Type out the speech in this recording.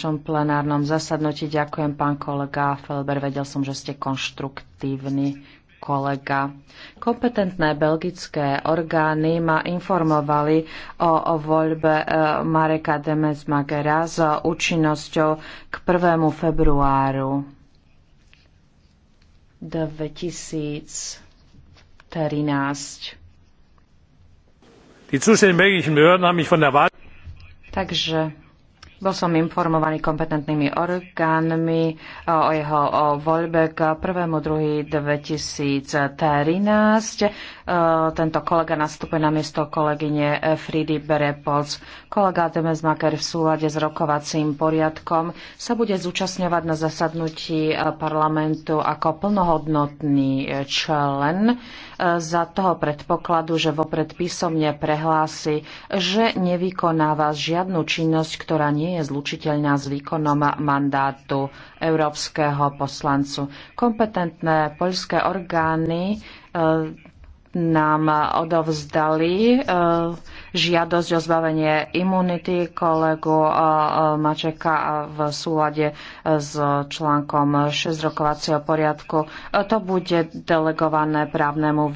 našom plenárnom zasadnutí. Ďakujem, pán kolega Felber. Vedel som, že ste konštruktívny kolega. Kompetentné belgické orgány ma informovali o, o voľbe e, Mareka Demesmagera s účinnosťou k 1. februáru 2013. Die zuständigen belgischen Behörden haben mich von der Wahl Takže bol som informovaný kompetentnými orgánmi o jeho o voľbe k 1.2.2013. Tento kolega nastupuje na miesto kolegyne Fridy Berepolc. Kolega Demesmaker v súlade s rokovacím poriadkom sa bude zúčastňovať na zasadnutí e, parlamentu ako plnohodnotný člen za toho predpokladu, že vopred písomne prehlási, že nevykonáva žiadnu činnosť, ktorá nie je zlučiteľná s výkonom mandátu európskeho poslancu. Kompetentné poľské orgány eh, nám odovzdali eh, žiadosť o zbavenie imunity kolegu eh, Mačeka v súlade s článkom 6 rokovacieho poriadku. To bude delegované právnemu výboru.